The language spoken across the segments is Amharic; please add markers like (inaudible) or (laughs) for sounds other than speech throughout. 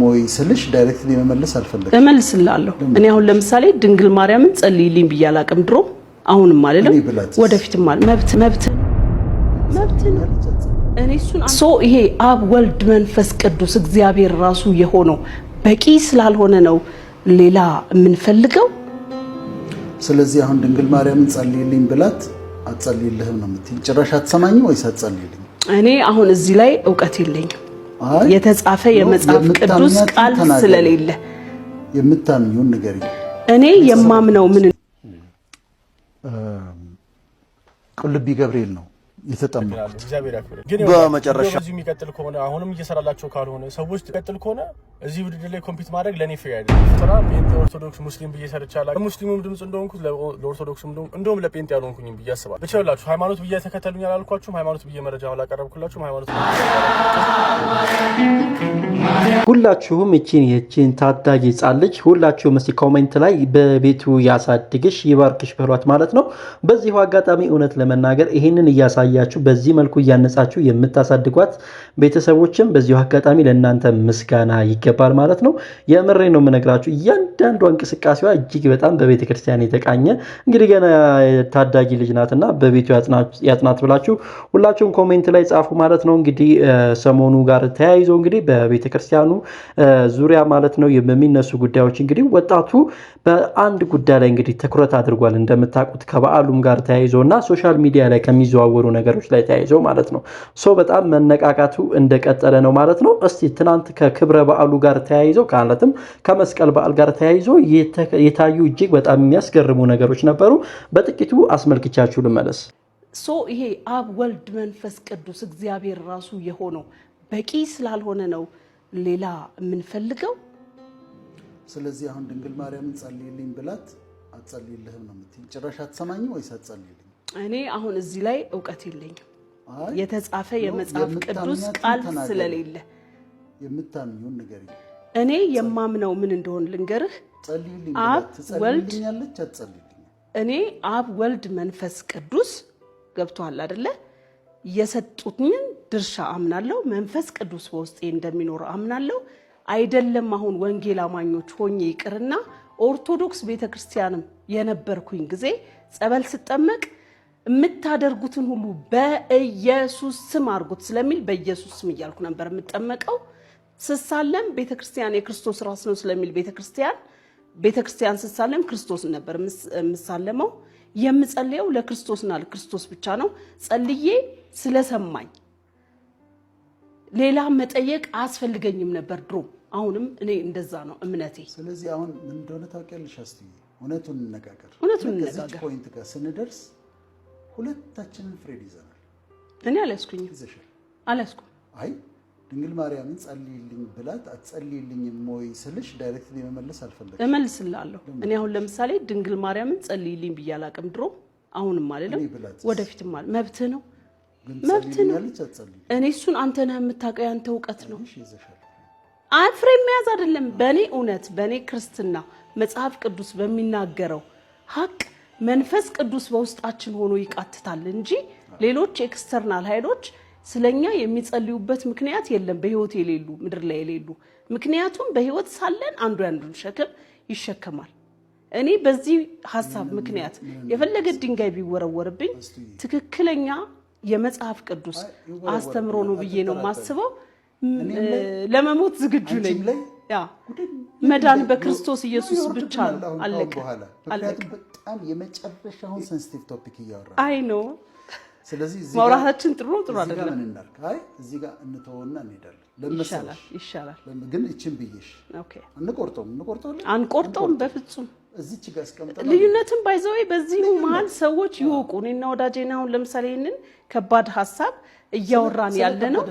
ሞይ ስልሽ ዳይሬክት መመለስ አልፈለግም። እመልስላለሁ። እኔ አሁን ለምሳሌ ድንግል ማርያምን ጸልይልኝ ብዬ አላቅም ድሮ፣ አሁንም አልልም፣ ወደፊትም መብት መብት መብት ነው። ሶ ይሄ አብ ወልድ መንፈስ ቅዱስ እግዚአብሔር ራሱ የሆነው በቂ ስላልሆነ ነው ሌላ የምንፈልገው። ስለዚህ አሁን ድንግል ማርያምን ጸልይልኝ ብላት አትጸልይልህም ነው የምትይኝ? ጭራሽ አትሰማኝም ወይስ አትጸልይልኝ እኔ አሁን እዚህ ላይ እውቀት የለኝም። የተጻፈ የመጽሐፍ ቅዱስ ቃል ስለሌለ የምታምኙን ነገር እኔ የማምነው ምን ቁልቢ ገብርኤል ነው የተጠመቁት በመጨረሻ በዚሁ የሚቀጥል ከሆነ አሁንም እየሰራላቸው ካልሆነ ሰዎች ከሆነ እዚህ ውድድር ላይ ኮምፒት ማድረግ ለእኔ አይደለም። ስራ ጴንጤ ኦርቶዶክስ ሙስሊም ብዬ ሰርቻለሁ። ሙስሊሙም ድምፅ ለኦርቶዶክስ እንደውም ለጴንጤ ያልሆንኩኝም ብዬ አስባለሁ። ብቻ ሃይማኖት ብዬ ተከተሉኝ አላልኳችሁም። ሃይማኖት ብዬ መረጃ አላቀረብኩላችሁም። ሃይማኖት ሁላችሁም እቺን የቺን ታዳጊ ጻለች። ሁላችሁም እስቲ ኮሜንት ላይ በቤቱ ያሳድግሽ ይባርክሽ በሏት ማለት ነው። በዚሁ አጋጣሚ እውነት ለመናገር ይህንን እያሳየ እያሳያችሁ በዚህ መልኩ እያነጻችሁ የምታሳድጓት ቤተሰቦችም በዚሁ አጋጣሚ ለእናንተ ምስጋና ይገባል ማለት ነው። የምሬ ነው የምነግራችሁ። እያንዳንዷ እንቅስቃሴዋ እጅግ በጣም በቤተ ክርስቲያን የተቃኘ እንግዲህ ገና ታዳጊ ልጅ ናትና በቤቱ ያጥናት ብላችሁ ሁላችሁም ኮሜንት ላይ ጻፉ ማለት ነው። እንግዲህ ሰሞኑ ጋር ተያይዞ እንግዲህ በቤተ ክርስቲያኑ ዙሪያ ማለት ነው የሚነሱ ጉዳዮች እንግዲህ ወጣቱ በአንድ ጉዳይ ላይ እንግዲህ ትኩረት አድርጓል እንደምታውቁት ከበዓሉም ጋር ተያይዞ እና ሶሻል ሚዲያ ላይ ከሚዘዋወሩ ነገሮች ላይ ተያይዘው ማለት ነው። ሶ በጣም መነቃቃቱ እንደቀጠለ ነው ማለት ነው። እስቲ ትናንት ከክብረ በዓሉ ጋር ተያይዘው ከአለትም ከመስቀል በዓል ጋር ተያይዘው የታዩ እጅግ በጣም የሚያስገርሙ ነገሮች ነበሩ። በጥቂቱ አስመልክቻችሁ ልመለስ። ሶ ይሄ አብ ወልድ መንፈስ ቅዱስ እግዚአብሔር ራሱ የሆነው በቂ ስላልሆነ ነው ሌላ የምንፈልገው። ስለዚህ አሁን ድንግል ማርያም ጸልይልኝ ብላት አትጸልይልህም ነው የምትይኝ? ጭራሽ አትሰማኝ ወይስ አትጸልይልኝ እኔ አሁን እዚህ ላይ እውቀት የለኝም። የተጻፈ የመጽሐፍ ቅዱስ ቃል ስለሌለ እኔ የማምነው ምን እንደሆን ልንገርህ። አብ ወልድ እኔ አብ ወልድ መንፈስ ቅዱስ ገብቷል አደለ? የሰጡትን ድርሻ አምናለሁ። መንፈስ ቅዱስ በውስጤ እንደሚኖር አምናለሁ። አይደለም አሁን ወንጌል አማኞች ሆኜ ይቅርና ኦርቶዶክስ ቤተክርስቲያንም የነበርኩኝ ጊዜ ጸበል ስጠመቅ የምታደርጉትን ሁሉ በኢየሱስ ስም አድርጉት ስለሚል በኢየሱስ ስም እያልኩ ነበር የምጠመቀው። ስሳለም ቤተክርስቲያን የክርስቶስ ራስ ነው ስለሚል ቤተክርስቲያን ቤተክርስቲያን ስሳለም ክርስቶስ ነበር የምሳለመው። የምጸልየው ለክርስቶስና ለክርስቶስ ብቻ ነው። ጸልዬ ስለሰማኝ ሌላ መጠየቅ አያስፈልገኝም ነበር ድሮ። አሁንም እኔ እንደዛ ነው እምነቴ። ስለዚህ አሁን ምን እንደሆነ ታውቂያለሽ። እውነቱን እንነጋገር፣ እውነቱን እንነጋገር ፖይንት ጋር ስንደርስ ሁለታችንን ፍሬድ ይዘናል። እኔ አልያዝኩኝም። ይዘሻል። አልያዝኩም። አይ ድንግል ማርያምን ጸልይልኝ ብላት አትጸልይልኝም ወይ ስልሽ ዳይሬክት መመለስ አልፈለግም። እመልስልሃለሁ። እኔ አሁን ለምሳሌ ድንግል ማርያምን ጸልይልኝ ብዬ አላውቅም ድሮ፣ አሁንም አልልም፣ ወደፊትም አልልም። መብትህ ነው፣ መብትህ ነው። እኔ እሱን አንተ ነህ የምታውቀው፣ ያንተ እውቀት ነው። ፍሬ መያዝ አይደለም። በእኔ እውነት፣ በእኔ ክርስትና መጽሐፍ ቅዱስ በሚናገረው ሀቅ መንፈስ ቅዱስ በውስጣችን ሆኖ ይቃትታል እንጂ ሌሎች ኤክስተርናል ኃይሎች ስለኛ የሚጸልዩበት ምክንያት የለም። በህይወት የሌሉ ምድር ላይ የሌሉ ምክንያቱም በህይወት ሳለን አንዱ ያንዱን ሸክም ይሸከማል። እኔ በዚህ ሀሳብ ምክንያት የፈለገ ድንጋይ ቢወረወርብኝ ትክክለኛ የመጽሐፍ ቅዱስ አስተምሮ ነው ብዬ ነው የማስበው። ለመሞት ዝግጁ ነኝ። መዳን በክርስቶስ ኢየሱስ ብቻ ነው። አለቀ። በጣም የመጨረሻውን ሴንስቲቭ ቶፒክ እያወራ አይ ነው። ስለዚህ ማውራታችን ጥሩ ጥሩ አይደለም። አይ እዚህ ጋር እንተወና እንሄዳለን። ለምሳሌ ይሻላል። ግን እቺን ብዬሽ ኦኬ፣ አንቆርጠውም አንቆርጠውም በፍጹም እዚች ጋር አስቀምጠናል። ልዩነትን ባይዘው በዚሁ መሀል ሰዎች ይወቁ። እኔና ወዳጄን አሁን ለምሳሌ ይህንን ከባድ ሀሳብ እያወራን ያለ ነው።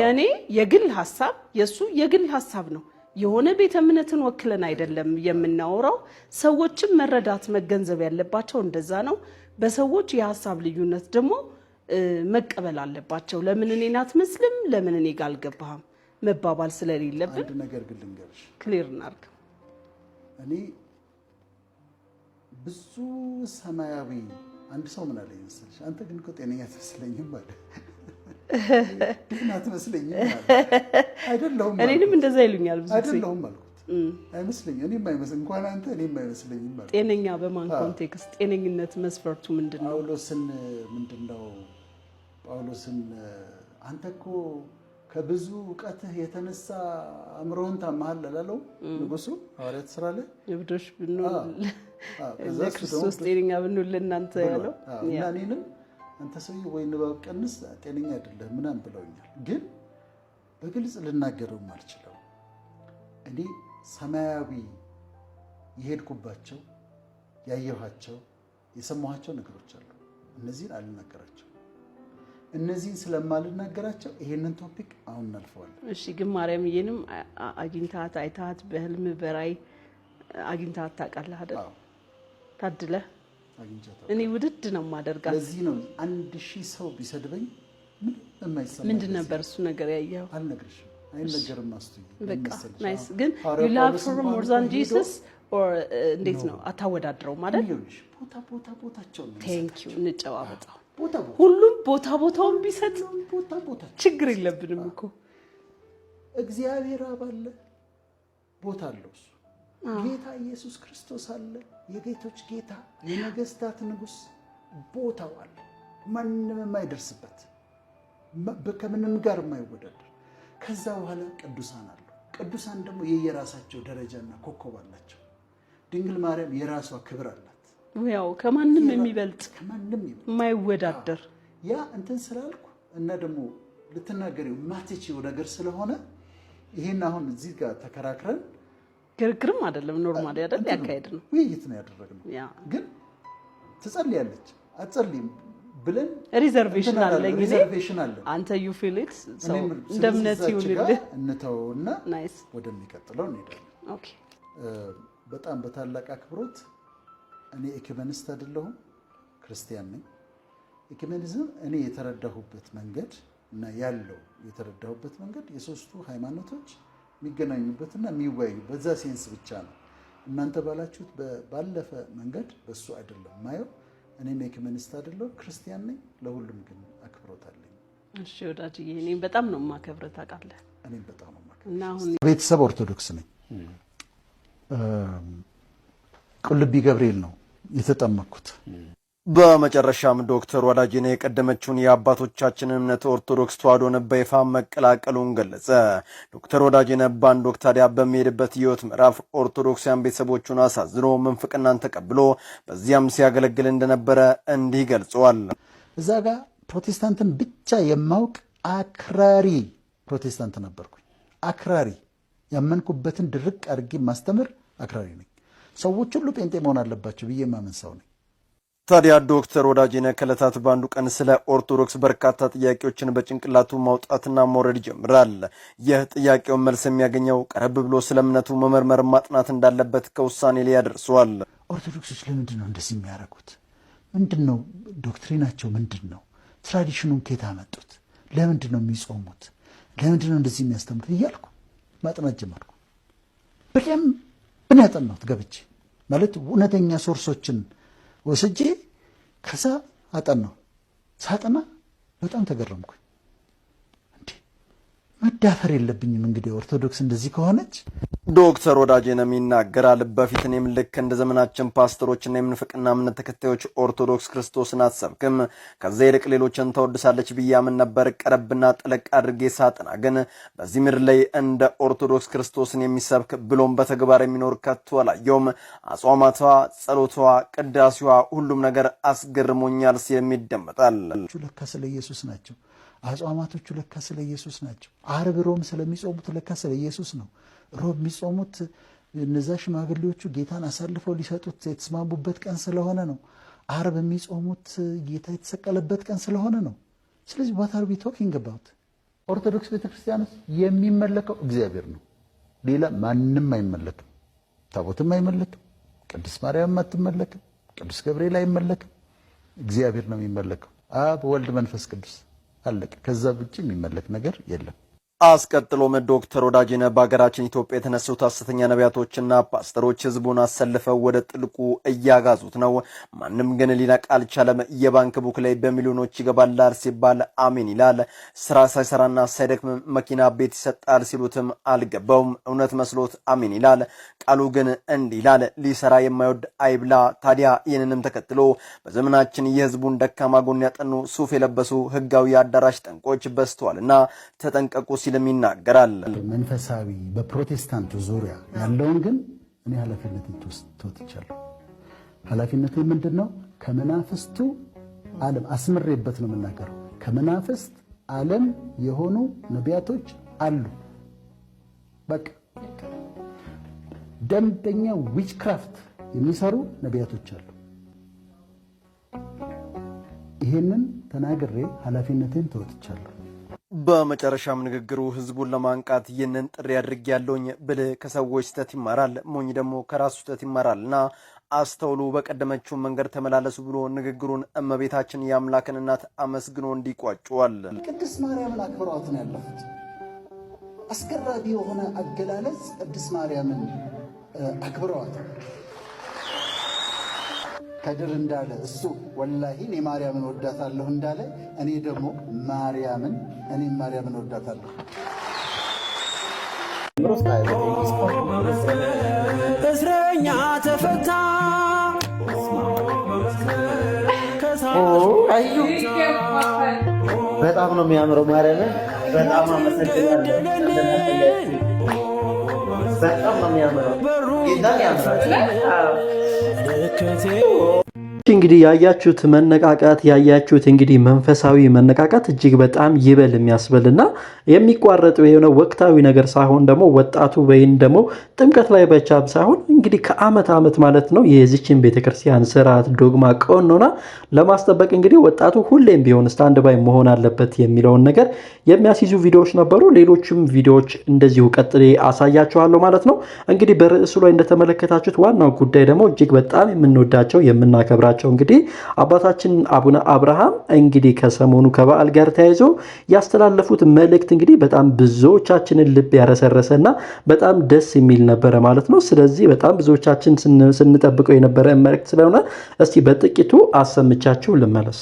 የእኔ የግል ሀሳብ የእሱ የግል ሀሳብ ነው። የሆነ ቤተ እምነትን ወክለን አይደለም የምናወራው። ሰዎችም መረዳት መገንዘብ ያለባቸው እንደዛ ነው። በሰዎች የሀሳብ ልዩነት ደግሞ መቀበል አለባቸው። ለምን እኔን አትመስልም፣ ለምን እኔ ጋር አልገባህም መባባል ስለሌለብን ነገር ግን ልንገርሽ፣ ክሊር እናድርግ። እኔ ብዙ ሰማያዊ አንድ ሰው ምን አለኝ መሰለሽ፣ አንተ ግን እኮ ጤነኛ አትመስለኝም ማለት አትመስለኝም አይደለሁም። እኔንም እንደዛ ይሉኛል ብዙ አይደለሁም አልኩት። አይመስለኝም እኔም አይመስለኝም እንኳን አንተ እኔም አይመስለኝም አልኩት። ጤነኛ በማን ኮንቴክስት ጤነኝነት መስፈርቱ ምንድን ነው? ጳውሎስን ምንድን ነው ጳውሎስን አንተ እኮ ከብዙ እውቀትህ የተነሳ አእምሮህን ታመሃል አላለው ንጉሱ ሐዋርያት ስራ ላይ እብዶች ብንሆን ለክርስቶስ ጤነኛ ብንሆን ለእናንተ ያለው እና እኔንም አንተ ሰውዬ ወይ ንባብ ቀንስ፣ ጤነኛ አይደለም ምናምን ብለውኛል። ግን በግልጽ ልናገረውም አልችለው። እኔ ሰማያዊ የሄድኩባቸው ያየኋቸው የሰማኋቸው ነገሮች አሉ። እነዚህን አልናገራቸው። እነዚህን ስለማልናገራቸው ይሄንን ቶፒክ አሁን እናልፈዋለን። እሺ። ግን ይህንም አግኝታት አይታት በህልም በራይ አግኝታት ታውቃለህ አይደል? ታድለህ እኔ ውድድ ነው የማደርጋት። ለዚህ ነው አንድ ሺህ ሰው ቢሰድበኝ ምንድን ነበር እሱ ነገር ያየኸው? አልነግርሽም። አይነገርም። አስቱኝ ግን ዩላፍርም ሞርዛን ጂሰስ እንዴት ነው አታወዳድረው ማለት ቦታ ቦታ ቦታቸው ቴንኪዩ እንጨዋወጣው ሁሉም ቦታ ቦታውን ቢሰጥ ችግር የለብንም እኮ እግዚአብሔር አባለ ቦታ አለው እሱ ጌታ ኢየሱስ ክርስቶስ አለ። የጌቶች ጌታ፣ የነገስታት ንጉስ ቦታው አለ። ማንም የማይደርስበት ከምንም ጋር የማይወዳደር። ከዛ በኋላ ቅዱሳን አሉ። ቅዱሳን ደግሞ የየራሳቸው ደረጃና ኮከብ አላቸው። ድንግል ማርያም የራሷ ክብር አላት። ያው ከማንም የሚበልጥ ከማንም የማይወዳደር ያ እንትን ስላልኩ እና ደግሞ ልትናገሪው ማትችው ነገር ስለሆነ ይህን አሁን እዚህ ጋር ተከራክረን ክርክርም አይደለም፣ ኖርማል ያደል ያካሄድ ነው፣ ውይይት ነው ያደረግነው። ግን ትጸልያለች አትጸልይም ብለን ሪዘርቬሽን አለ ሪዘርቬሽን አለ። አንተ ዩ ፊል ኢት እንደ እምነት ይሁንልህ እንተውና ወደሚቀጥለው እንሄዳለን። ኦኬ። በጣም በታላቅ አክብሮት እኔ ኢኩሜኒስት አይደለሁም ክርስቲያን ነኝ። ኢኩሜኒዝም እኔ የተረዳሁበት መንገድ እና ያለው የተረዳሁበት መንገድ የሶስቱ ሃይማኖቶች የሚገናኙበትና የሚወያዩ በዛ ሴንስ ብቻ ነው። እናንተ ባላችሁት ባለፈ መንገድ በሱ አይደለም ማየው። እኔም ኤኩሜኒስት አይደለሁ ክርስቲያን ነኝ። ለሁሉም ግን አክብሮት አለኝ። እሺ ወዳጅዬ፣ እኔም በጣም ነው የማከብረው ታውቃለህ። እኔም በጣም ነው የማከብረው። ቤተሰብ ኦርቶዶክስ ነኝ። ቁልቢ ገብርኤል ነው የተጠመኩት በመጨረሻም ዶክተር ወዳጅነ የቀደመችውን የአባቶቻችን እምነት ኦርቶዶክስ ተዋሕዶን በይፋ መቀላቀሉን ገለጸ። ዶክተር ወዳጅነ በአንድ ወቅት ታዲያ በሚሄድበት ህይወት ምዕራፍ ኦርቶዶክሲያን ቤተሰቦቹን አሳዝኖ ምንፍቅናን ተቀብሎ በዚያም ሲያገለግል እንደነበረ እንዲህ ገልጸዋል። እዛ ጋር ፕሮቴስታንትን ብቻ የማውቅ አክራሪ ፕሮቴስታንት ነበርኩኝ። አክራሪ ያመንኩበትን ድርቅ አድርጌ ማስተምር አክራሪ ነኝ። ሰዎች ሁሉ ጴንጤ መሆን አለባቸው ብዬ ማመን ሰው ነኝ። ታዲያ ዶክተር ወዳጄነህ ከዕለታት በአንዱ ቀን ስለ ኦርቶዶክስ በርካታ ጥያቄዎችን በጭንቅላቱ ማውጣትና መውረድ ይጀምራል። ይህ ጥያቄውን መልስ የሚያገኘው ቀረብ ብሎ ስለ እምነቱ መመርመር ማጥናት እንዳለበት ከውሳኔ ላይ ያደርሰዋል። ኦርቶዶክሶች ለምንድን ነው እንደዚህ የሚያደርጉት? ምንድን ነው ዶክትሪናቸው? ምንድን ነው ትራዲሽኑን ከየት አመጡት? ለምንድን ነው የሚጾሙት? ለምንድን ነው እንደዚህ የሚያስተምሩት? እያልኩ ማጥናት ጀመርኩ። በደንብ ብን ያጠናሁት ገብቼ ማለት እውነተኛ ሶርሶችን ወስጄ ከዛ አጠናው ሳጠና በጣም ተገረምኩኝ። መዳፈር የለብኝም። እንግዲህ ኦርቶዶክስ እንደዚህ ከሆነች ዶክተር ወዳጄነህም ይናገራል። በፊት እኔም ልክ እንደ ዘመናችን ፓስተሮችና የምንፍቅና እምነት ተከታዮች ኦርቶዶክስ ክርስቶስን አትሰብክም፣ ከዚያ ይልቅ ሌሎችን ተወድሳለች ብያምን ነበር። ቀረብና ጠለቅ አድርጌ ሳጥና ግን በዚህ ምድር ላይ እንደ ኦርቶዶክስ ክርስቶስን የሚሰብክ ብሎም በተግባር የሚኖር ከቶ አላየውም። አጽዋማቷ፣ ጸሎቷ፣ ቅዳሴዋ፣ ሁሉም ነገር አስገርሞኛል ሲልም ይደመጣል። ለካ ስለ ኢየሱስ ናቸው አጽዋማቶቹ ለካ ስለ ኢየሱስ ናቸው። አርብ ሮም ስለሚጾሙት ለካ ስለ ኢየሱስ ነው። ሮብ የሚጾሙት እነዛ ሽማግሌዎቹ ጌታን አሳልፈው ሊሰጡት የተስማሙበት ቀን ስለሆነ ነው። አርብ የሚጾሙት ጌታ የተሰቀለበት ቀን ስለሆነ ነው። ስለዚህ ዋት አር ቶኪንግ አባውት? ኦርቶዶክስ ቤተክርስቲያን ውስጥ የሚመለከው እግዚአብሔር ነው። ሌላ ማንም አይመለክም። ታቦትም አይመለክም። ቅዱስ ማርያም አትመለክም። ቅዱስ ገብርኤል አይመለክም። እግዚአብሔር ነው የሚመለከው፣ አብ ወልድ መንፈስ ቅዱስ አለቀ። ከዛ ውጭ የሚመለክ ነገር የለም። አስቀጥሎም ዶክተር ወዳጅነ በሀገራችን ኢትዮጵያ የተነሱት ሐሰተኛ ነቢያቶችና ፓስተሮች ህዝቡን አሰልፈው ወደ ጥልቁ እያጋዙት ነው። ማንም ግን ሊነቃ አልቻለም። የባንክ ቡክ ላይ በሚሊዮኖች ይገባላል ሲባል አሜን ይላል። ስራ ሳይሰራና ሳይደክም መኪና፣ ቤት ይሰጣል ሲሉትም አልገባውም። እውነት መስሎት አሜን ይላል። ቃሉ ግን እንዲህ ይላል፣ ሊሰራ የማይወድ አይብላ። ታዲያ ይህንንም ተከትሎ በዘመናችን የህዝቡን ደካማ ጎን ያጠኑ ሱፍ የለበሱ ህጋዊ አዳራሽ ጠንቆች በዝተዋልና ተጠንቀቁ ሲልም ይናገራል። መንፈሳዊ በፕሮቴስታንቱ ዙሪያ ያለውን ግን እኔ ኃላፊነትን ትወትቻለሁ ኃላፊነቱ ምንድን ነው? ከመናፍስቱ ዓለም አስምሬበት ነው የምናገረው። ከመናፍስት ዓለም የሆኑ ነቢያቶች አሉ። በቃ ደንበኛ ዊችክራፍት የሚሰሩ ነቢያቶች አሉ። ይህንን ተናግሬ ኃላፊነቴን ተወጥቻለሁ። በመጨረሻም ንግግሩ ህዝቡን ለማንቃት ይህንን ጥሪ አድርግ ያለውኝ ብልህ ከሰዎች ስህተት ይማራል፣ ሞኝ ደግሞ ከራሱ ስህተት ይማራልና አስተውሉ፣ በቀደመችው መንገድ ተመላለሱ ብሎ ንግግሩን እመቤታችን የአምላክን እናት አመስግኖ እንዲቋጭዋል። ቅድስት ማርያምን አክብረዋት ነው ያለፉት። አስገራቢ የሆነ አገላለጽ ቅድስት ማርያምን አክብረዋት ከድር እንዳለ እሱ ወላሂ እኔ ማርያምን ወዳታለሁ እንዳለ እኔ ደግሞ ማርያምን እኔም ማርያምን ወዳታለሁ። እስረኛ ተፈታ። አዩ በጣም ነው የሚያምረው። ማርያምን በጣም አመሰግናለሁ። በጣም ነው የሚያምረው። በሩ 确定。እንግዲህ ያያችሁት መነቃቃት ያያችሁት እንግዲህ መንፈሳዊ መነቃቃት እጅግ በጣም ይበል የሚያስበልና የሚቋረጥ የሆነ ወቅታዊ ነገር ሳይሆን ደግሞ ወጣቱ ወይም ደግሞ ጥምቀት ላይ ብቻ ሳይሆን እንግዲህ ከአመት ዓመት ማለት ነው የዚችን ቤተክርስቲያን ስርዓት፣ ዶግማ፣ ቀኖና ለማስጠበቅ እንግዲህ ወጣቱ ሁሌም ቢሆን ስታንድ ባይ መሆን አለበት የሚለውን ነገር የሚያስይዙ ቪዲዮዎች ነበሩ። ሌሎችም ቪዲዮዎች እንደዚሁ ቀጥሌ አሳያችኋለሁ ማለት ነው። እንግዲህ በርዕሱ ላይ እንደተመለከታችሁት ዋናው ጉዳይ ደግሞ እጅግ በጣም የምንወዳቸው የምናከብራቸው ናቸው። እንግዲህ አባታችን አቡነ አብርሃም እንግዲህ ከሰሞኑ ከበዓል ጋር ተያይዞ ያስተላለፉት መልእክት እንግዲህ በጣም ብዙዎቻችንን ልብ ያረሰረሰ ና በጣም ደስ የሚል ነበረ ማለት ነው። ስለዚህ በጣም ብዙዎቻችን ስንጠብቀው የነበረ መልእክት ስለሆነ እስቲ በጥቂቱ አሰምቻችሁ ልመለስ።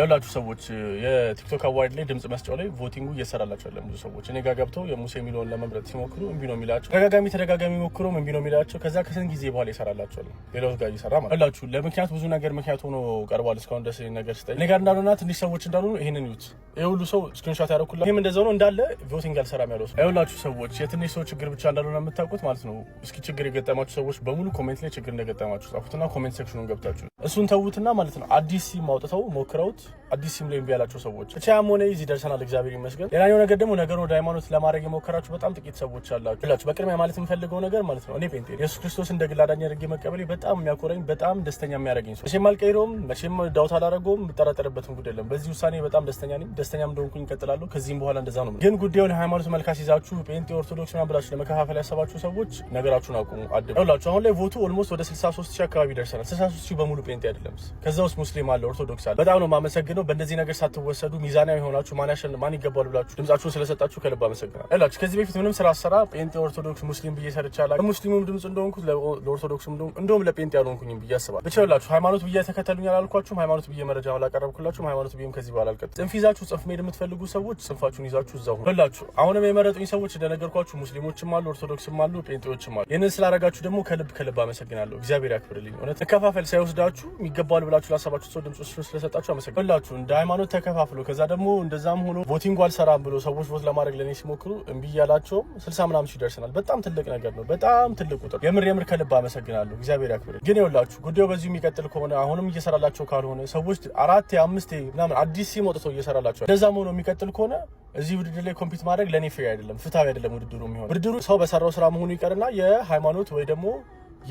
ያላችሁ ሰዎች የቲክቶክ አዋርድ ላይ ድምጽ መስጫው ላይ ቮቲንጉ እየሰራላቸው ያለ ብዙ ሰዎች እኔ ጋር ገብተው የሙሴ የሚለውን ለመምረጥ ሲሞክሩ እምቢ ነው የሚላቸው። ተደጋጋሚ ተደጋጋሚ ሞክረውም እምቢ ነው የሚላቸው። ከዛ ከስንት ጊዜ በኋላ ይሰራላቸዋል። ሌላው ጋር እየሰራ ማለት ያላችሁ ለምክንያት ብዙ ነገር ምክንያት ሆኖ ቀርቧል። እስካሁን ደስ ነገር ስጠ እኔ ጋር እንዳሉና ትንሽ ሰዎች እንዳሉ ይህንን ይዩት። የሁሉ ሰው ስክሪንሾት ያደረኩላ ይህም እንደዛ ነው እንዳለ ቮቲንግ አልሰራም ያለው ሰው ያላችሁ ሰዎች የትንሽ ሰው ችግር ብቻ እንዳልሆነ የምታውቁት ማለት ነው። እስኪ ችግር የገጠማችሁ ሰዎች በሙሉ ኮሜንት ላይ ችግር እንደገጠማችሁ ጻፉትና ኮሜንት ሴክሽኑን ገብታችሁ እሱን ተዉትና ማለት ነው አዲስ ሲም አውጥተው ሞክረውት ሰዎች አዲስ ሲም ላይ ያላቸው ሰዎች ብቻ ሆነ ይዚ ደርሰናል፣ እግዚአብሔር ይመስገን። ሌላኛው ነገር ደግሞ ነገር ወደ ሃይማኖት ለማድረግ የሞከራችሁ በጣም ጥቂት ሰዎች አላችሁ ላችሁ። በቅድሚያ ማለት የምፈልገው ነገር ማለት ነው እኔ ጴንጤ ኢየሱስ ክርስቶስ እንደ ግል አዳኝ አድርጌ መቀበሌ በጣም የሚያኮረኝ በጣም ደስተኛ የሚያደርገኝ ሰው መቼም አልቀይረውም፣ መቼም ዳውት አላደረገውም፣ የምጠራጠርበትም ጉዳይ የለም። በዚህ ውሳኔ በጣም ደስተኛ ነኝ፣ ደስተኛ እንደሆንኩኝ እቀጥላለሁ። ከዚህም በኋላ እንደዛ ነው። ግን ጉዳዩን ለሃይማኖት መልካስ ይዛችሁ ጴንጤ ኦርቶዶክስ ና ብላችሁ ለመከፋፈል ያሰባችሁ ሰዎች ነገራችሁን አቁሙ። አድ ላችሁ አሁን ላይ ቮቱ ኦልሞስት ወደ 63 ሺህ አካባቢ ደርሰናል። 63 ሺህ በሙሉ ጴንጤ አይደለም፣ ከዛ ውስጥ ሙስሊም አለ፣ ኦርቶዶክስ አለ። በጣም ነው ማመ አመሰግነው። በእንደዚህ ነገር ሳትወሰዱ ሚዛናዊ የሆናችሁ ማን ያሸንፍ ማን ይገባል ብላችሁ ድምጻችሁን ስለሰጣችሁ ከልብ አመሰግናል እላችሁ። ከዚህ በፊት ምንም ስራ አሰራ ጴንጤ ኦርቶዶክስ ሙስሊም ብዬ ሰርቻላ ለሙስሊሙም ድምጽ እንደሆንኩት ለኦርቶዶክስ እንደውም ለጴንጤ ያልሆንኩኝም ብዬ አስባለሁ። ብቻ ላችሁ ሃይማኖት ብዬ ተከተሉኝ አላልኳችሁም። ሃይማኖት ብዬ መረጃ አላቀረብኩላችሁም። ሃይማኖት ብዬም ከዚህ በኋላ አልቀጥ ጽንፍ ይዛችሁ ጽንፍ መሄድ የምትፈልጉ ሰዎች ጽንፋችሁን ይዛችሁ እዛ ሁ ላችሁ። አሁንም የመረጡኝ ሰዎች እንደነገርኳችሁ ሙስሊሞችም አሉ፣ ኦርቶዶክስም አሉ፣ ጴንጤዎችም አሉ። ይህንን ስላረጋችሁ ደግሞ ከልብ ከልብ አመሰግናለሁ። እግዚአብሔር ያክብርልኝ። እውነት መከፋፈል ሳይወስዳችሁ ይገባዋል ብላችሁ ላሰባችሁ ሰው ድምጽ ስለሰጣችሁ አመሰግናለሁ። ይሁንላችሁ እንደ ሃይማኖት ተከፋፍሎ ከዛ ደግሞ እንደዛም ሆኖ ቮቲንግ አልሰራም ብሎ ሰዎች ቮት ለማድረግ ለእኔ ሲሞክሩ እምቢ እያላቸውም ስልሳ ምናምን ሺህ ይደርሰናል። በጣም ትልቅ ነገር ነው። በጣም ትልቅ ቁጥር። የምር የምር ከልብ አመሰግናለሁ። እግዚአብሔር ያክብር። ግን ይሁንላችሁ ጉዳዩ በዚሁ የሚቀጥል ከሆነ አሁንም እየሰራላቸው ካልሆነ ሰዎች አራት አምስት ምናምን አዲስ ሲሞጥቶ እየሰራላቸው እንደዛም ሆኖ የሚቀጥል ከሆነ እዚህ ውድድር ላይ ኮምፒት ማድረግ ለእኔ ፍሬ አይደለም፣ ፍትሃዊ አይደለም ውድድሩ የሚሆን ውድድሩ ሰው በሰራው ስራ መሆኑ ይቀርና የሃይማኖት ወይ ደግሞ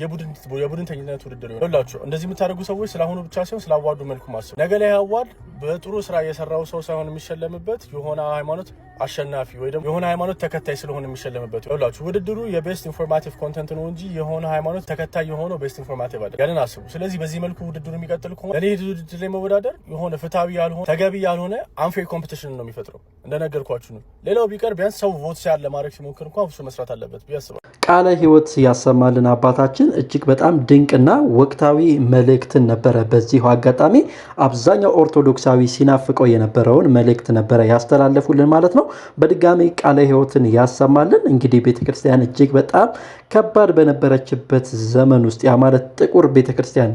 የቡድን ተኝነት ውድድር ይሆናል እንደዚህ የምታደርጉ ሰዎች ስለአሁኑ ብቻ ሳይሆን ስለ አዋዱ መልኩ ማሰብ። ነገ ላይ አዋርድ በጥሩ ስራ የሰራው ሰው ሳይሆን የሚሸለምበት የሆነ ሃይማኖት አሸናፊ ወይ ደግሞ የሆነ ሃይማኖት ተከታይ ስለሆነ የሚሸለምበት ላችሁ። ውድድሩ የቤስት ኢንፎርማቲቭ ኮንተንት ነው እንጂ የሆነ ሃይማኖት ተከታይ የሆነው ቤስት ኢንፎርማቲቭ አይደለም። ያንን አስቡ። ስለዚህ በዚህ መልኩ ውድድሩ የሚቀጥል ከሆነ ለኔ ውድድር ላይ መወዳደር የሆነ ፍትሃዊ ያልሆነ ተገቢ ያልሆነ አንፌር ኮምፒቲሽን ነው የሚፈጥረው። እንደነገርኳችሁ ነው። ሌላው ቢቀር ቢያንስ ሰው ቮት ሲያለ ማድረግ ሲሞክር እንኳን እሱ መስራት አለበት ብዬ አስባለሁ። ቃለ ሕይወት ያሰማልን አባታችን እጅግ በጣም ድንቅና ወቅታዊ መልእክትን ነበረ። በዚሁ አጋጣሚ አብዛኛው ኦርቶዶክሳዊ ሲናፍቀው የነበረውን መልእክት ነበረ ያስተላለፉልን ማለት ነው። በድጋሚ ቃለ ሕይወትን ያሰማልን። እንግዲህ ቤተክርስቲያን እጅግ በጣም ከባድ በነበረችበት ዘመን ውስጥ ያ ማለት ጥቁር ቤተክርስቲያን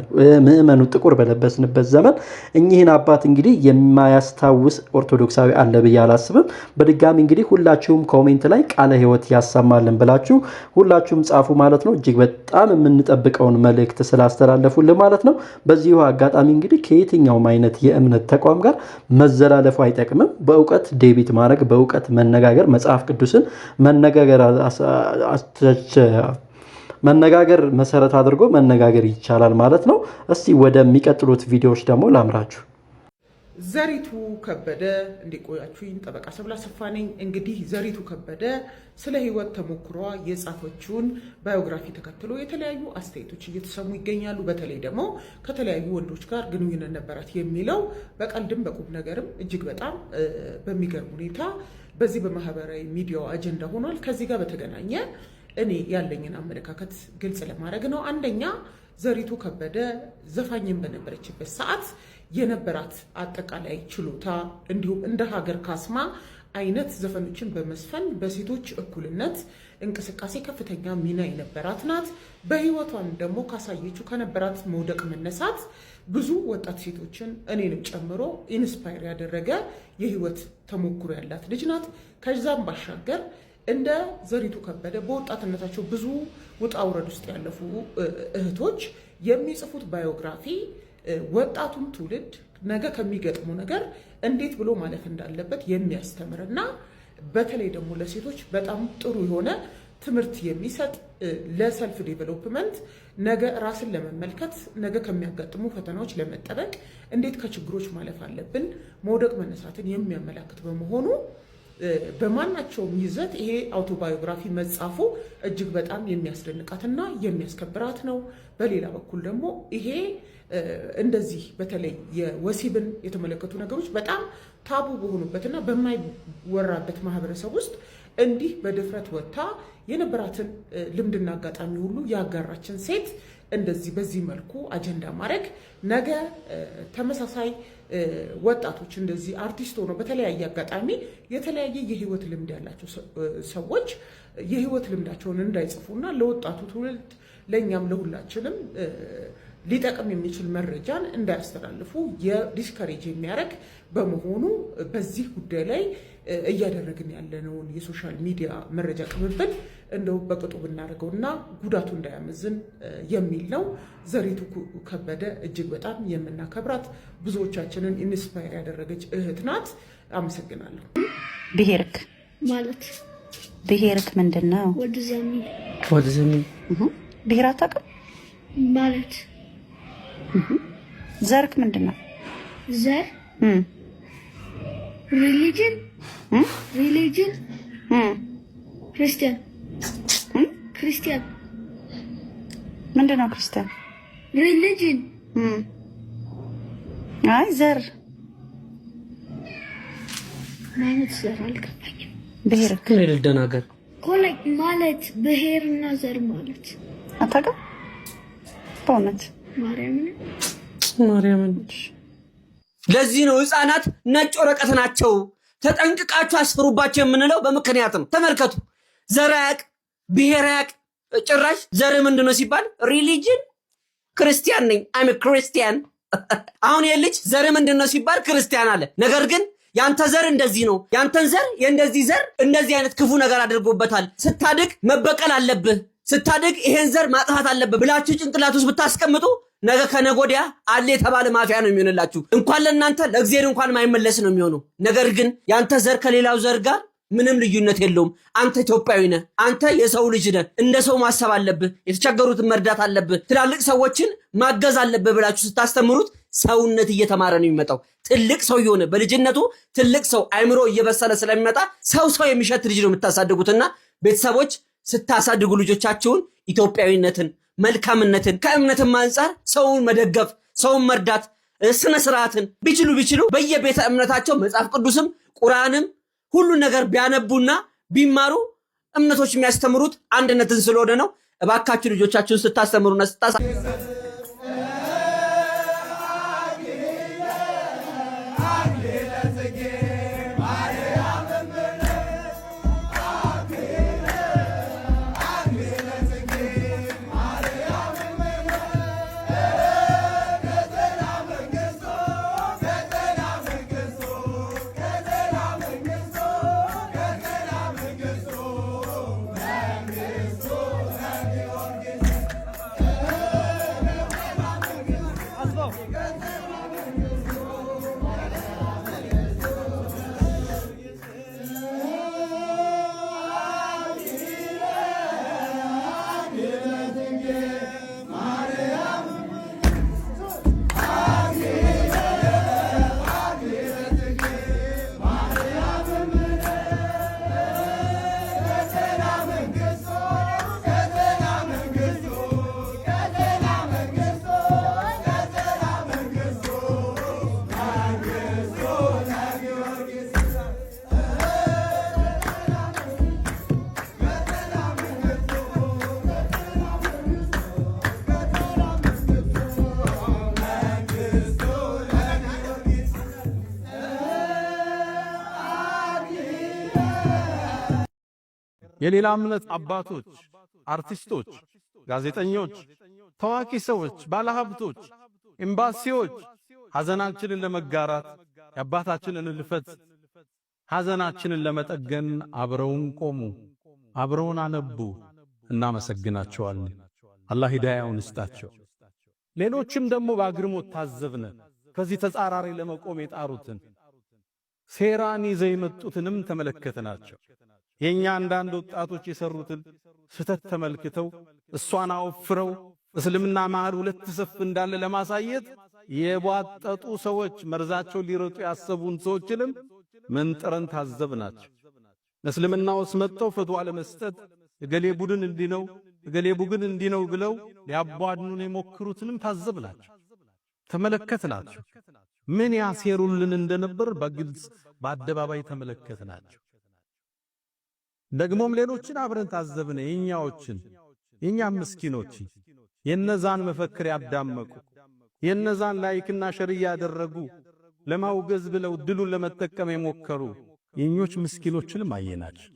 ምእመኑ ጥቁር በለበስንበት ዘመን እኚህን አባት እንግዲህ የማያስታውስ ኦርቶዶክሳዊ አለ ብዬ አላስብም። በድጋሚ እንግዲህ ሁላችሁም ኮሜንት ላይ ቃለ ሕይወት ያሰማልን ብላችሁ ሁላችሁም ጻፉ ማለት ነው። እጅግ በጣም የምንጠብቀውን መልእክት ስላስተላለፉልን ማለት ነው። በዚሁ አጋጣሚ እንግዲህ ከየትኛውም አይነት የእምነት ተቋም ጋር መዘላለፉ አይጠቅምም። በእውቀት ዴቢት ማድረግ፣ በእውቀት መነጋገር፣ መጽሐፍ ቅዱስን መነጋገር መነጋገር መሰረት አድርጎ መነጋገር ይቻላል ማለት ነው። እስቲ ወደሚቀጥሉት ቪዲዮዎች ደግሞ ላምራችሁ። ዘሪቱ ከበደ እንዲቆያችሁኝ ጠበቃ ሰብለ አሰፋ ነኝ። እንግዲህ ዘሪቱ ከበደ ስለ ህይወት ተሞክሯ የጻፈችውን ባዮግራፊ ተከትሎ የተለያዩ አስተያየቶች እየተሰሙ ይገኛሉ። በተለይ ደግሞ ከተለያዩ ወንዶች ጋር ግንኙነት ነበራት የሚለው በቀልድም በቁም ነገርም እጅግ በጣም በሚገርም ሁኔታ በዚህ በማህበራዊ ሚዲያው አጀንዳ ሆኗል። ከዚህ ጋር በተገናኘ እኔ ያለኝን አመለካከት ግልጽ ለማድረግ ነው። አንደኛ ዘሪቱ ከበደ ዘፋኝን በነበረችበት ሰዓት የነበራት አጠቃላይ ችሎታ እንዲሁም እንደ ሀገር ካስማ አይነት ዘፈኖችን በመስፈን በሴቶች እኩልነት እንቅስቃሴ ከፍተኛ ሚና የነበራት ናት። በህይወቷም ደግሞ ካሳየችው ከነበራት መውደቅ መነሳት ብዙ ወጣት ሴቶችን እኔንም ጨምሮ ኢንስፓየር ያደረገ የህይወት ተሞክሮ ያላት ልጅ ናት። ከዛም ባሻገር እንደ ዘሪቱ ከበደ በወጣትነታቸው ብዙ ውጣ ውረድ ውስጥ ያለፉ እህቶች የሚጽፉት ባዮግራፊ ወጣቱን ትውልድ ነገ ከሚገጥሙ ነገር እንዴት ብሎ ማለፍ እንዳለበት የሚያስተምር እና በተለይ ደግሞ ለሴቶች በጣም ጥሩ የሆነ ትምህርት የሚሰጥ ለሰልፍ ዴቨሎፕመንት ነገ ራስን ለመመልከት ነገ ከሚያጋጥሙ ፈተናዎች ለመጠበቅ እንዴት ከችግሮች ማለፍ አለብን መውደቅ መነሳትን የሚያመላክት በመሆኑ በማናቸውም ይዘት ይሄ አውቶባዮግራፊ መጻፉ እጅግ በጣም የሚያስደንቃትና የሚያስከብራት ነው። በሌላ በኩል ደግሞ ይሄ እንደዚህ በተለይ የወሲብን የተመለከቱ ነገሮች በጣም ታቡ በሆኑበትና በማይወራበት ማህበረሰብ ውስጥ እንዲህ በድፍረት ወጥታ የነበራትን ልምድና አጋጣሚ ሁሉ ያጋራችን ሴት እንደዚህ በዚህ መልኩ አጀንዳ ማድረግ ነገ ተመሳሳይ ወጣቶች እንደዚህ አርቲስት ሆኖ በተለያየ አጋጣሚ የተለያየ የህይወት ልምድ ያላቸው ሰዎች የህይወት ልምዳቸውን እንዳይጽፉ ና ለወጣቱ ትውልድ ለእኛም ለሁላችንም ሊጠቅም የሚችል መረጃን እንዳያስተላልፉ የዲስከሬጅ የሚያደርግ በመሆኑ በዚህ ጉዳይ ላይ እያደረግን ያለነውን የሶሻል ሚዲያ መረጃ ቅብብል እንደው በቅጡ ብናደርገው እና ጉዳቱ እንዳያመዝን የሚል ነው። ዘሪቱ ከበደ እጅግ በጣም የምናከብራት ብዙዎቻችንን ኢንስፓየር ያደረገች እህት ናት። አመሰግናለሁ። ብሄርክ ማለት ብሄርክ ምንድን ነው? ወድ ዘሚ ወድ ዘሚ ብሄር አታውቅም ማለት ዘርክ ምንድን ነው? ዘር ሪሊጅን ሪሊጅን ክርስቲያን ክርስቲያን ምንድን ነው? ክርስቲያን ሪሊጅን አይ ዘር ማለት ዘር አልገባኝም። ማለት ብሔርና ዘር ማለት አታውቅም በእውነት ማርያምን ለዚህ ነው ህፃናት ነጭ ወረቀት ናቸው፣ ተጠንቅቃችሁ አስፍሩባቸው የምንለው በምክንያት ነው። ተመልከቱ፣ ዘር አያቅ፣ ብሔር አያቅ። ጭራሽ ዘር ምንድን ነው ሲባል ሪሊጅን ክርስቲያን ነኝ አይም ክርስቲያን። (laughs) አሁን ይህ ልጅ ዘር ምንድን ነው ሲባል ክርስቲያን አለ። ነገር ግን ያንተ ዘር እንደዚህ ነው፣ ያንተን ዘር የእንደዚህ ዘር እንደዚህ አይነት ክፉ ነገር አድርጎበታል። ስታድግ መበቀል አለብህ፣ ስታድግ ይሄን ዘር ማጥፋት አለብህ ብላችሁ ጭንቅላት ውስጥ ብታስቀምጡ ነገ ከነጎዲያ አለ የተባለ ማፊያ ነው የሚሆንላችሁ። እንኳን ለእናንተ ለእግዜር እንኳን ማይመለስ ነው የሚሆነው። ነገር ግን ያንተ ዘር ከሌላው ዘር ጋር ምንም ልዩነት የለውም። አንተ ኢትዮጵያዊ ነህ። አንተ የሰው ልጅ ነህ። እንደ ሰው ማሰብ አለብህ። የተቸገሩትን መርዳት አለብህ። ትላልቅ ሰዎችን ማገዝ አለብህ ብላችሁ ስታስተምሩት ሰውነት እየተማረ ነው የሚመጣው። ትልቅ ሰው የሆነ በልጅነቱ ትልቅ ሰው አይምሮ እየበሰለ ስለሚመጣ ሰው ሰው የሚሸት ልጅ ነው የምታሳድጉትና ቤተሰቦች ስታሳድጉ ልጆቻችሁን ኢትዮጵያዊነትን መልካምነትን ከእምነትም አንጻር ሰውን መደገፍ፣ ሰውን መርዳት፣ ስነ ስርዓትን ቢችሉ ቢችሉ በየቤተ እምነታቸው መጽሐፍ ቅዱስም ቁርአንም ሁሉን ነገር ቢያነቡና ቢማሩ እምነቶች የሚያስተምሩት አንድነትን ስለሆነ ነው። እባካችሁ ልጆቻችሁን ስታስተምሩና ስታሳ የሌላ እምነት አባቶች፣ አርቲስቶች፣ ጋዜጠኞች፣ ታዋቂ ሰዎች፣ ባለሀብቶች፣ ኤምባሲዎች ሐዘናችንን ለመጋራት የአባታችንን እልፈት ሐዘናችንን ለመጠገን አብረውን ቆሙ፣ አብረውን አነቡ። እናመሰግናቸዋለን። አላህ ሂዳያውን ይስጣቸው። ሌሎችም ደግሞ በአግርሞት ታዘብነ ከዚህ ተጻራሪ ለመቆም የጣሩትን ሴራን ይዘው የመጡትንም ተመለከትናቸው። የእኛ አንዳንድ ወጣቶች የሰሩትን ስህተት ተመልክተው እሷን አወፍረው እስልምና መሃል ሁለት ሰፍ እንዳለ ለማሳየት የቧጠጡ ሰዎች መርዛቸው ሊረጡ ያሰቡን ሰዎችንም መንጥረን ታዘብ ናቸው። እስልምና ውስጥ መጥተው ፈትዋ ለመስጠት እገሌ ቡድን እንዲህ ነው እገሌ ቡድን እንዲህ ነው ብለው ሊያቧድኑን የሞክሩትንም ታዘብ ናቸው፣ ተመለከት ናቸው። ምን ያሴሩልን እንደነበር በግልጽ በአደባባይ ተመለከት ናቸው። ደግሞም ሌሎችን አብረን ታዘብን። የኛዎችን የኛም ምስኪኖች የነዛን መፈክር ያዳመቁ የነዛን ላይክና ሸር ያደረጉ ለማውገዝ ብለው ድሉን ለመጠቀም የሞከሩ የኞች ምስኪኖችንም አየናቸው።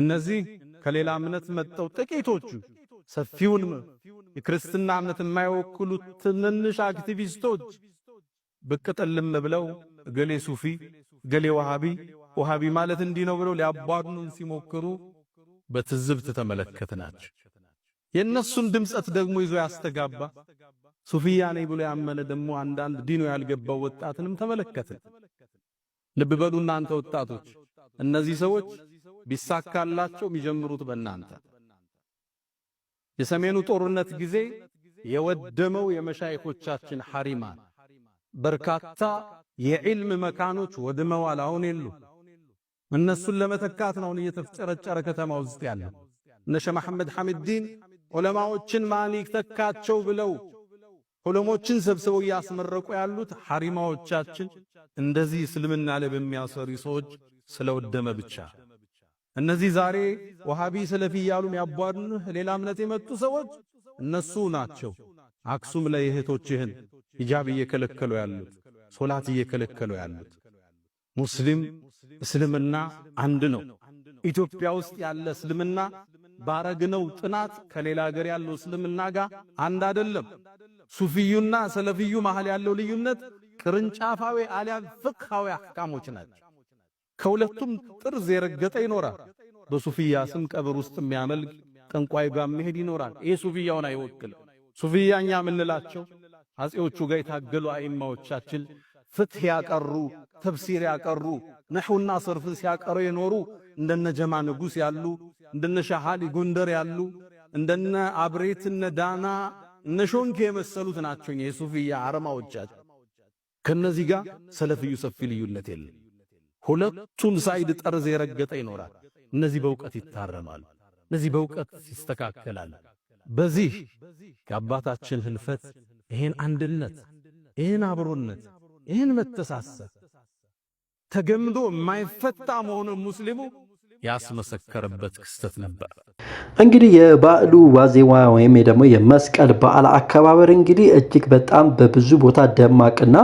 እነዚህ ከሌላ እምነት መጠው ጥቂቶቹ ሰፊውን የክርስትና እምነት የማይወክሉ ትንንሽ አክቲቪስቶች ብቅ ጥልም ብለው እገሌ ሱፊ ገሌ ወሃቢ ወሃቢ ማለት እንዲህ ነው ብለው ሊያባዱን ሲሞክሩ በትዝብት ተመለከትናቸው። የእነሱን ድምፀት ደግሞ ይዞ ያስተጋባ ሱፊያ ነኝ ብሎ ያመነ ደግሞ አንዳንድ ዲኑ ያልገባው ወጣትንም ተመለከትን። ልብ በሉ እናንተ ወጣቶች፣ እነዚህ ሰዎች ቢሳካላቸው የሚጀምሩት በእናንተ የሰሜኑ ጦርነት ጊዜ የወደመው የመሻይኮቻችን ሐሪማን በርካታ የዕልም መካኖች ወድመዋል። አሁን የሉ። እነሱን ለመተካት ነው እየተፍጨረጨረ ከተማ ውስጥ ያለው። እነ ሸህ መሐመድ ሐሚዲን ዑለማዎችን ማን ይተካቸው ብለው ዑለሞችን ሰብስበው እያስመረቁ ያሉት ሐሪማዎቻችን እንደዚህ እስልምና ላይ በሚያሰሪ ሰዎች ስለወደመ ብቻ። እነዚህ ዛሬ ወሃቢ ሰለፊ እያሉ ያቧድኑህ ሌላ እምነት የመጡ ሰዎች እነሱ ናቸው። አክሱም ላይ እህቶችህን ሂጃብ እየከለከሉ ያሉት፣ ሶላት እየከለከሉ ያሉት። ሙስሊም እስልምና አንድ ነው። ኢትዮጵያ ውስጥ ያለ እስልምና ባረግነው ጥናት ከሌላ ሀገር ያለው እስልምና ጋር አንድ አይደለም። ሱፊዩና ሰለፊዩ መሃል ያለው ልዩነት ቅርንጫፋዊ አልያም ፍቅሃዊ አህካሞች ናቸው። ከሁለቱም ጥርዝ የረገጠ ይኖራል። በሱፊያ ስም ቀብር ውስጥ የሚያመልክ ጠንቋይ ጋር መሄድ ይኖራል። ይሄ ሱፊያውን አይወክልም። ሱፊያኛ የምንላቸው አጼዎቹ ጋር የታገሉ አይማዎቻችን ፍትህ ያቀሩ ተፍሲር ያቀሩ ነሕውና ሰርፍን ሲያቀሩ የኖሩ እንደነ ጀማ ንጉሥ ያሉ እንደነ ሻሃሊ ጎንደር ያሉ እንደነ አብሬት እነ ዳና እነ ሾንኬ የመሰሉት ናቸው የሱፊያ አረማዎቻችን። ከነዚህ ጋር ሰለፍዩ ሰፊ ልዩነት የለም። ሁለቱም ሳይድ ጠርዝ የረገጠ ይኖራል። እነዚህ በእውቀት ይታረማሉ፣ እነዚህ በእውቀት ይስተካከላል። በዚህ ከአባታችን ህንፈት ይህን አንድነት፣ ይህን አብሮነት፣ ይህን መተሳሰብ ተገምዶ የማይፈታ መሆኑን ሙስሊሙ ያስመሰከረበት ክስተት ነበር። እንግዲህ የበዓሉ ዋዜማ ወይም ደግሞ የመስቀል በዓል አከባበር እንግዲህ እጅግ በጣም በብዙ ቦታ ደማቅና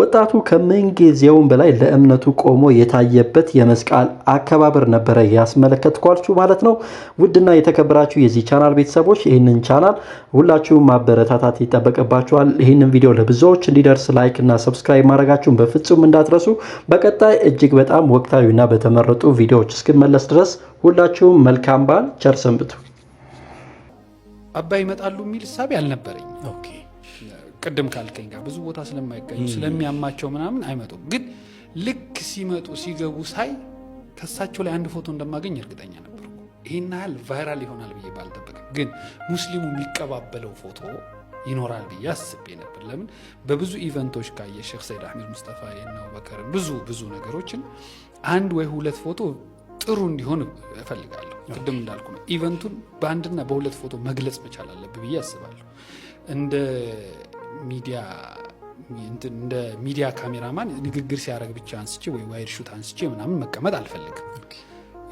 ወጣቱ ከምንጊዜውም በላይ ለእምነቱ ቆሞ የታየበት የመስቀል አከባበር ነበረ ያስመለከትኳችሁ ማለት ነው። ውድና የተከበራችሁ የዚህ ቻናል ቤተሰቦች ይህንን ቻናል ሁላችሁም ማበረታታት ይጠበቅባችኋል። ይህንን ቪዲዮ ለብዙዎች እንዲደርስ ላይክ እና ሰብስክራይብ ማድረጋችሁን በፍጹም እንዳትረሱ። በቀጣይ እጅግ በጣም ወቅታዊና በተመረጡ ቪዲዮዎች እስክመለስ እስከምንመለስ ድረስ ሁላችሁም መልካም በዓል፣ ቸር ሰንብቱ። አባይ ይመጣሉ የሚል ሳቢ አልነበረኝ። ቅድም ካልከኝ ጋር ብዙ ቦታ ስለማይገኙ ስለሚያማቸው ምናምን አይመጡም። ግን ልክ ሲመጡ ሲገቡ ሳይ ከእሳቸው ላይ አንድ ፎቶ እንደማገኝ እርግጠኛ ነበር። ይህን ያህል ቫይራል ይሆናል ብዬ ባልጠበቅም፣ ግን ሙስሊሙ የሚቀባበለው ፎቶ ይኖራል ብዬ አስቤ ነበር። ለምን በብዙ ኢቨንቶች ካየ ሼክ ሰይድ አህመድ ሙስጠፋ እና አቡበከርን ብዙ ብዙ ነገሮችን አንድ ወይ ሁለት ፎቶ ጥሩ እንዲሆን እፈልጋለሁ። ቅድም እንዳልኩ ነው ኢቨንቱን በአንድና በሁለት ፎቶ መግለጽ መቻል አለብህ ብዬ አስባለሁ። እንደ ሚዲያ እንደ ሚዲያ ካሜራማን ንግግር ሲያደርግ ብቻ አንስቼ ወይ ዋይድ ሹት አንስቼ ምናምን መቀመጥ አልፈልግም።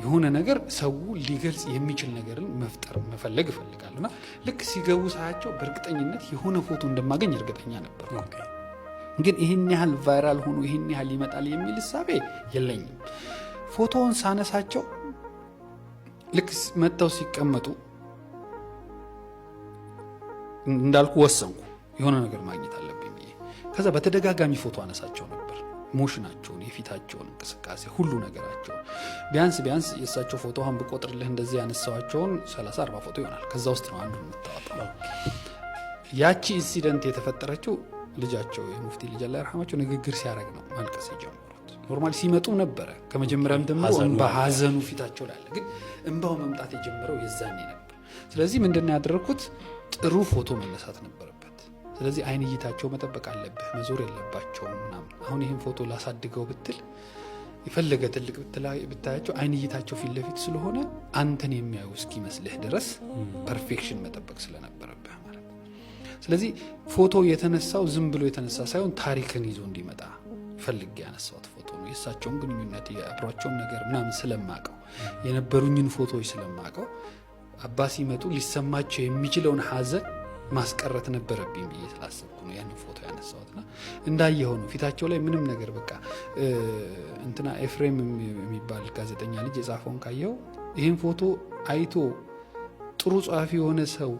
የሆነ ነገር ሰው ሊገልጽ የሚችል ነገርን መፍጠር መፈለግ እፈልጋለሁ እና ልክ ሲገቡ ሳያቸው በእርግጠኝነት የሆነ ፎቶ እንደማገኝ እርግጠኛ ነበር። ግን ይህን ያህል ቫይራል ሆኖ ይህን ያህል ይመጣል የሚል እሳቤ የለኝም። ፎቶውን ሳነሳቸው ልክ መጥተው ሲቀመጡ እንዳልኩ ወሰንኩ፣ የሆነ ነገር ማግኘት አለብኝ ብዬ ከዛ በተደጋጋሚ ፎቶ አነሳቸው ነበር። ሞሽናቸውን፣ የፊታቸውን እንቅስቃሴ፣ ሁሉ ነገራቸውን ቢያንስ ቢያንስ የእሳቸው ፎቶ አሁን ብቆጥርልህ እንደዚህ ያነሳዋቸውን 30 40 ፎቶ ይሆናል። ከዛ ውስጥ ነው አንዱ የምታወጣ ያቺ ኢንሲደንት የተፈጠረችው ልጃቸው የሙፍቲ ልጅ ላይ ይርሐማቸው ንግግር ሲያደረግ ነው ማልቀስ የጀመረው። ኖርማል ሲመጡ ነበረ። ከመጀመሪያም ደግሞ እንባ ሀዘኑ ፊታቸው ላለ፣ ግን እንባው መምጣት የጀመረው የዛኔ ነበር። ስለዚህ ምንድነው ያደረግኩት? ጥሩ ፎቶ መነሳት ነበረበት። ስለዚህ አይን እይታቸው መጠበቅ አለብህ፣ መዞር የለባቸውም ምናምን። አሁን ይህን ፎቶ ላሳድገው ብትል የፈለገ ትልቅ ብታያቸው አይን እይታቸው ፊት ለፊት ስለሆነ አንተን የሚያዩ እስኪመስልህ ድረስ ፐርፌክሽን መጠበቅ ስለነበረብህ ማለት ነው። ስለዚህ ፎቶ የተነሳው ዝም ብሎ የተነሳ ሳይሆን ታሪክን ይዞ እንዲመጣ ፈልግ ያነሳት ነው የእሳቸውን ግንኙነት የአብሯቸውን ነገር ምናምን ስለማቀው የነበሩኝን ፎቶዎች ስለማቀው አባ ሲመጡ ሊሰማቸው የሚችለውን ሀዘን ማስቀረት ነበረብኝ ብዬ ስላሰብኩ ነው ያንን ፎቶ ያነሳሁትና እንዳየኸው ነው ፊታቸው ላይ ምንም ነገር በቃ እንትና ኤፍሬም የሚባል ጋዜጠኛ ልጅ የጻፈውን ካየው ይህን ፎቶ አይቶ ጥሩ ጸሐፊ የሆነ ሰው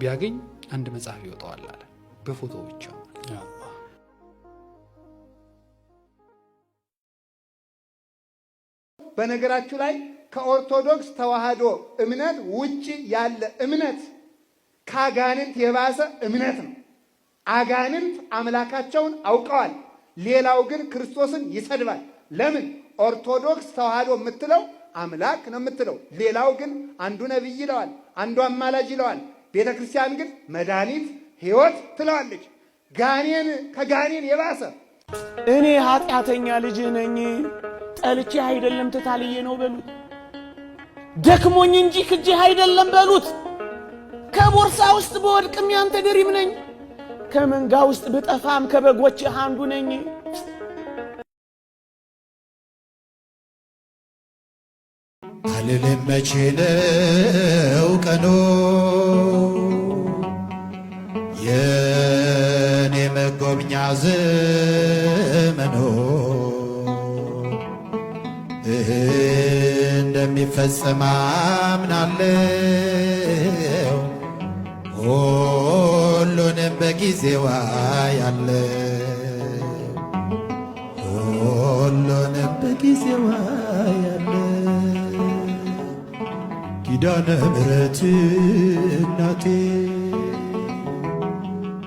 ቢያገኝ አንድ መጽሐፍ ይወጣዋል አለ በፎቶ ብቻ በነገራችሁ ላይ ከኦርቶዶክስ ተዋህዶ እምነት ውጭ ያለ እምነት ከአጋንንት የባሰ እምነት ነው። አጋንንት አምላካቸውን አውቀዋል። ሌላው ግን ክርስቶስን ይሰድባል። ለምን? ኦርቶዶክስ ተዋህዶ የምትለው አምላክ ነው የምትለው። ሌላው ግን አንዱ ነቢይ ይለዋል፣ አንዱ አማላጅ ይለዋል። ቤተ ክርስቲያን ግን መድኃኒት፣ ሕይወት ትለዋለች። ጋኔን ከጋኔን የባሰ እኔ ኃጢአተኛ ልጅ ነኝ ጠልቼ አይደለም ተታልዬ ነው በሉት። ደክሞኝ እንጂ ክጄህ አይደለም በሉት። ከቦርሳ ውስጥ በወድቅም ያንተ ድሪም ነኝ። ከመንጋ ውስጥ ብጠፋም ከበጎችህ አንዱ ነኝ። አልልም መቼ ነው ቀኖ የኔ መጎብኛ እንደሚፈጸም አምናለው ሁሉንም በጊዜዋ ያለ ሁሉንም በጊዜዋ ያለ ኪዳነ ምሕረት እናቴ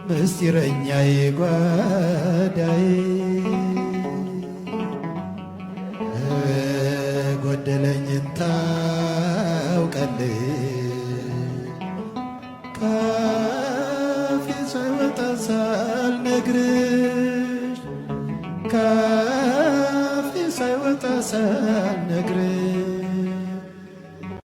ምስጢረኛዬ ጓዳዬ た